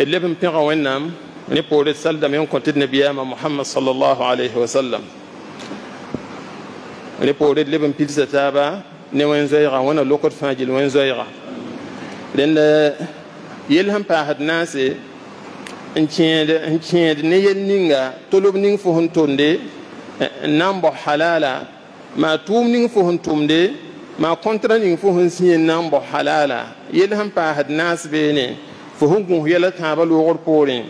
اللي بمتنغا وينام نبول السلدم يمكن تدني بياما محمد صلى الله عليه وسلم نبول اللي بمبيل ستابا نوين زيغا وانا لوكت فاجل وين زيغا لأن يلهم باهد ناسي n kẽed ne yel ninga tolb ning fo sẽn tʋmde n na n bos halaala maa tʋʋm ning fo sẽn tʋmde maa kõntra ning fo sẽn sẽn na n bos halaala yel sẽn paasd naas beene فهنكون هي لتعبل وغربورين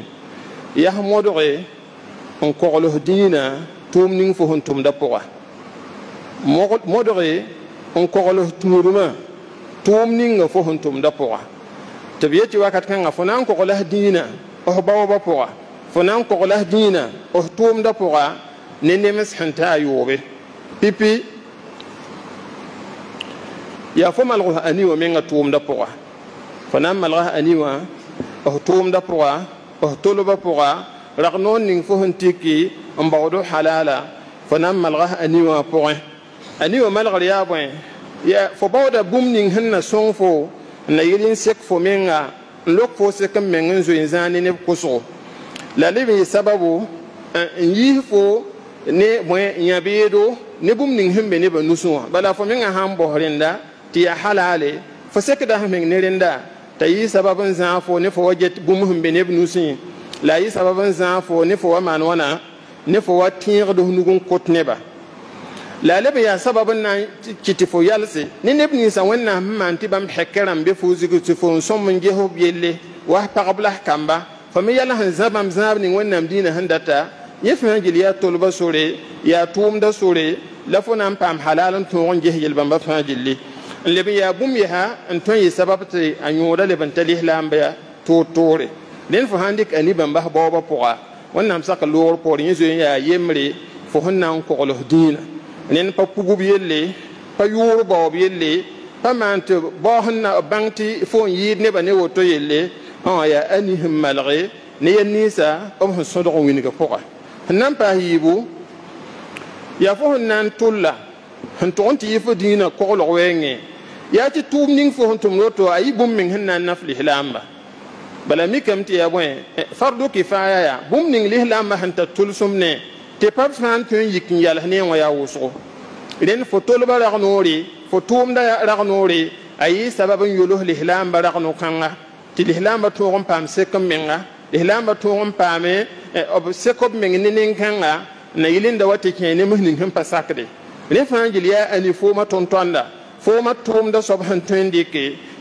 يا مودعي ان كولو دينا تومنين فهنتم دبوغا مودعي ان كولو تورما تومنين فهنتم دبوغا تبيتي وقت كان فنان كولا دينا او بابا بابوغا فنان كولا دينا او توم دبوغا ننمس هنتا يوبي بيبي يا فما الغو اني ومين توم دبوغا fo na n malga a ninwã f tʋʋmda pʋga f tʋlba pʋga rag noog ning fo sẽn tɩki n bagd halaala fo na n malga a ninwã pʋgẽ a ninwã malgr yaa bõe yaa fo baooda bũmb ning sẽn na sõng fo n na yɩl n sek fo menga n lok fo sek n meng n zoe n zãane neb kʋsgo la leb y sababu eh, n yiis fo ne bõe yã-beedo ne bũmb ning sẽn be nebã nusẽ wã bala fo menga sãn bos rẽnda tɩ yaa halaale fo sekda sẽn meng ne rẽndaa ta yi sababin zafo fo ne fo wa get bũmb sẽn be la yi sababin zafo fo ne fo wa maan wãna ne fo wa tẽegd f nug n la a ya sababin na kitifo kɩ fo yalse ne neb ninsã wẽnnaam sẽn maan tɩ be fo ku tifo son mun je n yelle wa ta qabla kamba fa mi yalla han zabam bãmb zãab ning wẽnnaam dĩinã sẽn data yẽ fãa tolba sore yaa tʋʋmda sore la fo na n paam halaal n tõog n ges lebi ya bum ya ha yɛsã yi sababti n yɩ sabab tɩ a yõoda leb n ta lislaamba ya toor-toore dẽnd fo handik ani ban ba ba ba poa wannan pʋga wẽnnaam sak loogr poor yẽ zoe n fo sẽn na pa kubu yelle pa yʋʋr baoob yelle pa maan tɩ bao sẽn fo n ne ba ne woto yelle ha ya ani nis ne ya nisa, um hun sõdg n wing poa nan pa yibu ya yiibu yaa fo sẽn na n tolla sẽn tʋg n tɩ ya ti tuub ning fo sẽn tʋmd woto a yɩ bũmb meng sẽn na n naf lislaamba bala mikame tɩ ya bõe fardo kifaya yaa bũmb ning lislaamba sẽn tar tʋlsem ne tɩ pa b sã n tõe n yik n yals ne wã yaa wʋsgo rẽnd fo tolba rag noore fo tʋʋmda rag noore a yɩ sabab n yols lislaamba rag no-kãnga tɩ lislaamba tõog n paam sek m menga lislaamba tõog n paame e, b sek b meng ne nin-kãnga na yɩl da wa tɩ kẽe nems ning sẽn pa sakde rẽ fãa n gil yaa a nifoomã tõnd fo ma tʋʋmda soab sẽn tõe n dɩke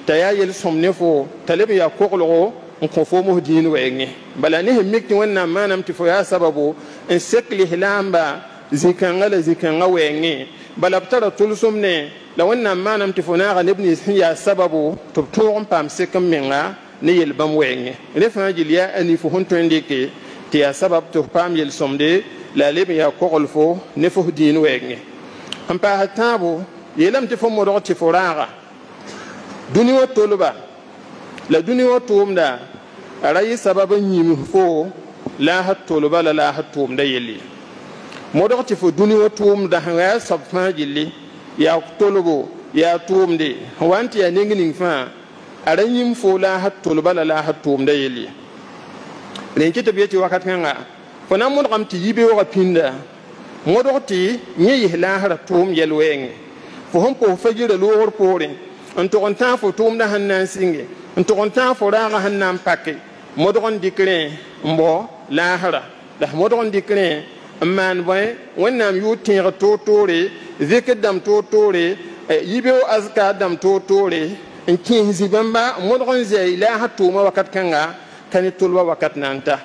t'a yaa yel-sõm ne fo t'a leb n yaa koglgo n kõ fo mos diin wɛɛngẽ bala ne sẽn mik tɩ wẽnnaam maanam tɩ fo yaa sababo n sek lislaamba zĩ-kãngã la zĩ-kãngã wɛɛngẽ bala b tara tʋlsem ne la wẽnnaam maanam tɩ fo naaga neb nins sẽn yaa sababo tɩ b tõog n paam sek n menga ne yel-bãmb wɛɛngẽ rẽ fãa gil yaa a ni sẽn tõe n dɩke tɩ yaa sabab tɩ f paam yel-sõmde la a leb n yaa kogl fo ne fo f dĩin wɛɛngẽ n paasa tãabo yeelame tɩ fo modg tɩ fo rãaga dũni wã tolba la dũni wã tʋʋmda ra yɩ sabab n yĩms fo la a la la a tʋʋmda yelle modg tɩ fo dũni wã tʋʋmda sẽn fãa gilli yaa tolbo yaa tʋʋmde wan wa tɩ yaa neng ning fãa a ra yĩm fo la a la la a tʋʋmda yelle rẽn kɩ tɩ b tɩ wakat kãnga fo na n modgame tɩ yibeoogã pĩnda modg tɩ yẽ yɩs laasra tʋʋm yɛl-wɛɛngẽ fo sẽn pʋʋs fa yɩra loogr poorẽ n tʋg n tãag fo tʋʋmda sẽn na n sɩnge n tʋg n tãag fo raagã sẽn na n pake modg n dɩk rẽ n bao laasra la modg n dɩk rẽ n maan bõe wẽnnaam yʋʋd tẽeg toor-toore zikr dãmb toor-toore eh, yibeo azka dãmb toor-toore n kẽes zĩ bãmba modg n zɛy laasã tʋʋma wakat kãnga ka ne tʋlba wakat na n ta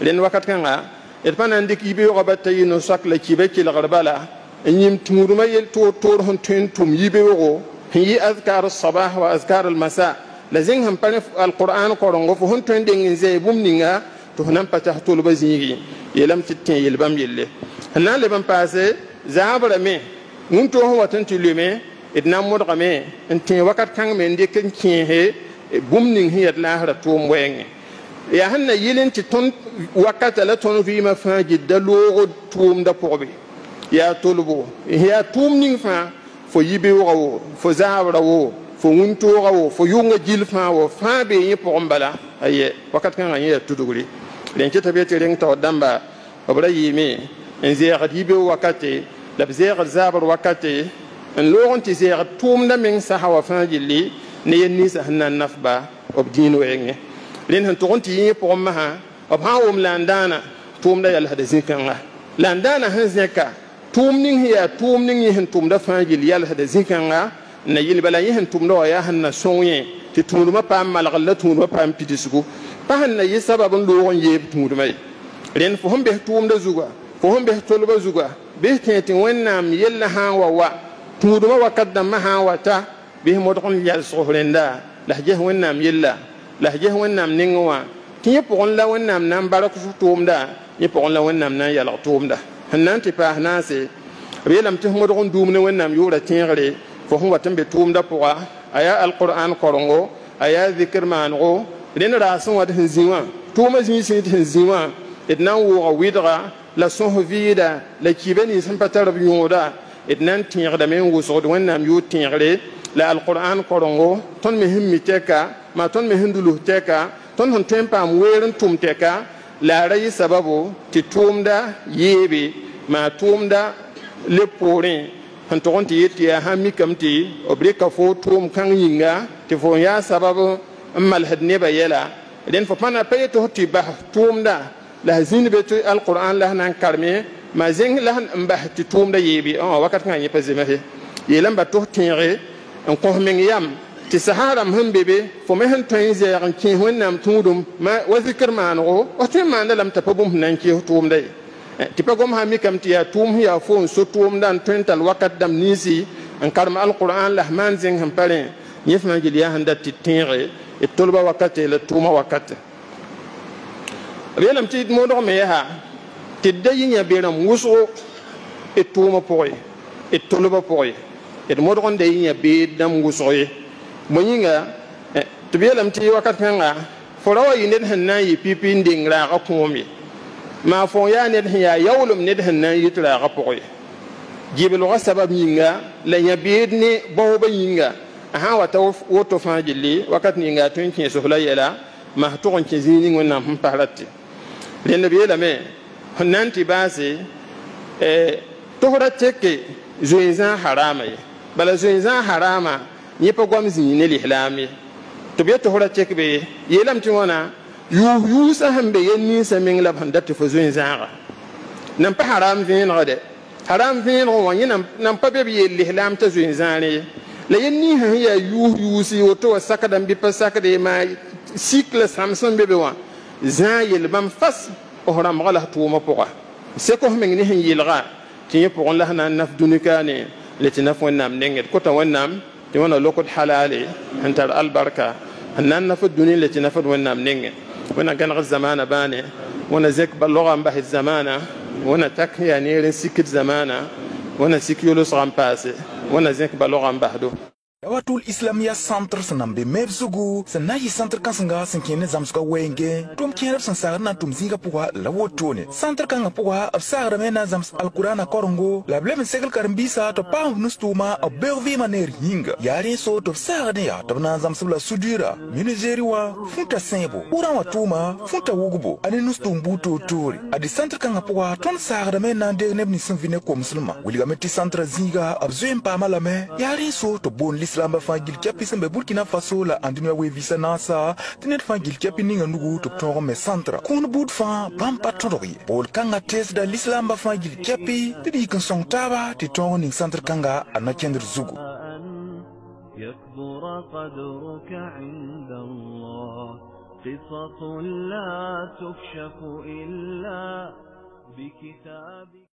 rẽnd wakat kãnga d pa na n dɩk yibeoogã bata yɩ no-soak la kiba kelgr bala إنهم تمرما يلتو تورهن تين توم يبيوغو هي أذكار الصباح وأذكار المساء لزينهم بني القرآن قرنغو فهن تين دين زي بومنغا تهنم بتاح طول بزيني يلم تتين يلبام يلي هنا لبن بازي زعب رمي نونتو هو تنتي لمي إدنا مرغمي انتين وقت كان من دي كن كيه بومنغ هي الله توم وينغ يا هن يلين تون وقت لا تون في مفاجد دلوغ توم دا بوبي ya tolbo ya tʋʋm ning fãa fo yi-beoogã wo fo zaabrã wo fo wũntoogã wo fo yʋngã gil fãa wo fãa bee yẽ pʋgẽ bala wakat kãngã yẽ yaa tudgre rẽn kɩ tɩ b yetɩ rẽng taood dãmba b ra yɩɩme n zɛɛgd yi-beoog la b zɛɛgd zaabr wakate n loog n tɩ zɛɛgd tʋʋmdã meng sãsa wã fãa gilli ne yel ninsã sẽn na nafba b dĩin wɛɛngẽ rẽnd sẽn tʋg n tɩ yẽ pʋgẽ masã b sã n wʋm la n dãana tʋʋmdã yalsda zĩ-kãnga zẽka tʋʋm ning sẽn yaa tʋʋm ning yẽ sẽn tʋmda fãa yel yalsda zĩ-kãngã n na yel bala yẽ sẽn tʋmda wã yaa sẽn na sõng yẽ tɩ tũudmã paam malgd la tũudmã paam pidisgu pa sẽn na yɩ sabab n loog n yeeb tũudmã ye rẽnd fo sẽn bes tʋʋmda zugã fo sẽn bes tolbã zugã bɩ tẽ tɩ wẽnnaam yella sã n wa wa tũudmã wakat dãmbã sã n wa ta bɩ modg n yalsgs rẽnda la s ges wẽnnaam yella la s ges wẽnnaam ning wã tɩ yẽ pʋgẽ la wẽnnaam na n bark tʋʋmda yẽ pʋgẽ la wẽnnaam na n yalg tʋʋmda n pa n tɩ paas naase b yeelame tɩ f ne wẽnnaam yʋʋra tẽegre fo sẽn wat n be tʋʋmdã pʋga a alqur'an korongo aya zikr mango rẽnd raas wad hinziwa tɩ sẽn sin hinziwa tʋʋmã zĩig tɩ sẽn la son vida la kiibã sin patar biyoda tara b yõoda d na n tẽegdame n wʋsgd wẽnnaam yʋʋr la alqur'an korongo ton me sẽn mi tɛka maa tõnd me sẽn dulus tɛka tõnd sẽn tõe n laara sababu titumda tʋʋmda yeebe maa tʋʋmda le poorẽ n tʋg n tɩ yet tɩ yaa sãn mikame tɩ b rɩka fo tʋʋm kãng yĩnga tɩ fo n yaa sabab n malsd nebã dẽn fo pa na pa yetɩ tɩ la s zĩnd be tɩ alkʋrãan la sẽn na n karme maa zẽng la n bas tɩ tʋʋmda yeebe wakat kãngã yẽ pa zemse yeela n ba tʋs tẽege yam tɩ sahara sẽn be be fo me sẽn tõe n zɛɛg n kẽes wẽnnaam tũudum wa zikr maanego f tõe n maanda lame t'a pa bũmb sẽn na n kẽes tʋʋmda ye tɩ pa gom sã mikame tɩ yaa tʋʋm sẽn yaa fo n so tʋʋmda n tõe n tall wakat dãmb ninsi n karem alqurãan la f maan zẽng sẽn pa rẽ yẽ fãa gil yaa sẽn dat tɩ tẽege d tolba wakate la tʋʋma wakate b yeelame tɩ modg me yaa tɩ d da yĩ yã beerãm wʋsgo d tʋʋmã pʋgẽ d tolba pʋgẽ d modg n da yĩ yã beed dãmb wʋsg ye bõ yĩnga tɩ b yeelame tɩ wakat kãnga fo ra wa yɩ ned sẽn na n yɩ pipi n deng raagã kõom ye maa fo yaa ned sẽn yaa yaoolem ned sẽn na n yɩ tɩ raagã pʋg ye gɩblgã sabab yĩnga la yã beed ne baoobã yĩnga a sã n wa ta woto fãa gilli wakat yĩnga tõe n kẽesf la yɛla maa tʋg n kẽ zĩig ning wẽnnaam sẽn pas rate rẽnd b yeelame sẽn na n tɩ baase eh, togra teke zoe zã harama ye bala zoe zã haraama yẽ pa goam zĩig ne lislaam ye tɩ b yaa tɩ fo ra kɛk be ye yeelame tɩ wãna yuus yuusã sẽn be yel ninsã la banda to dat tɩ nam pa haram vin pa haram vin ro wani nam nam pa be b yeel lislaam t'a zoẽ zãare la yen ni ha ya yu yuusi woto wã sakda n pa sakade ma cycle samson sãmb be be wã zan yel bam fas f gala to ma poqa se ko f ni hin sẽn yɩlga tɩ yẽ pʋgẽ la sẽn na naf dũni kaane la tɩ naf wẽnnaam nengd kota wẽnnaam يمنا لوكو حلالي انت البركه ان نفد الدنيا التي نفد وين نمنين وانا كان الزمان باني وانا زيك باللغه مبه الزمان وانا تك يعني سكت زمانه وانا سكيولوس غامباسي وانا زيك باللغه مبهدو watul islamia centre sẽn na n be meb zugu sẽn na n yɩ centr kãsenga sẽn kẽer ne zãmsgã wɛɛngẽ tʋm kẽer b sẽn sagr na tʋm zĩigã pʋga la wotone centr kãngã pʋga b sagrame na zãms alkurana korengo la b leb n segl karen-biisã tɩ b paam b nustʋʋma b beog vɩɩmã neer yĩnga yaa rẽ so tɩ b sagd n yaa tɩ b na n b la sudurã minigeri wã fũta sẽebo pʋgrã wã tʋʋma fũta wugbo a ne nustʋʋm buud-toor-toore a dɩ centr kãngã pʋga tõnd sagrame na n deeg neb nins sẽn vɩ ne komslmã wilgame tɩ centrã zĩiga b zoeen paamã lame yaa rẽ so tɩ boon bisilamba fãa gil kɛpi sẽn be burkina faso la ãn dũniyã weevisa naasa tɩ ned fãa gil kɛpi ninga nugu tɩ b tõog me sãntra kũud buud fãa bãmb pa tõdg ye bool-kãngã teesda lislaambã fãa gil kɛpi tɩ d yik n sõng taaba tɩ tõog ning sãntr-kãnga a nakẽndr zugu يكبر قدرك عند الله قصص لا تكشف إلا بكتابك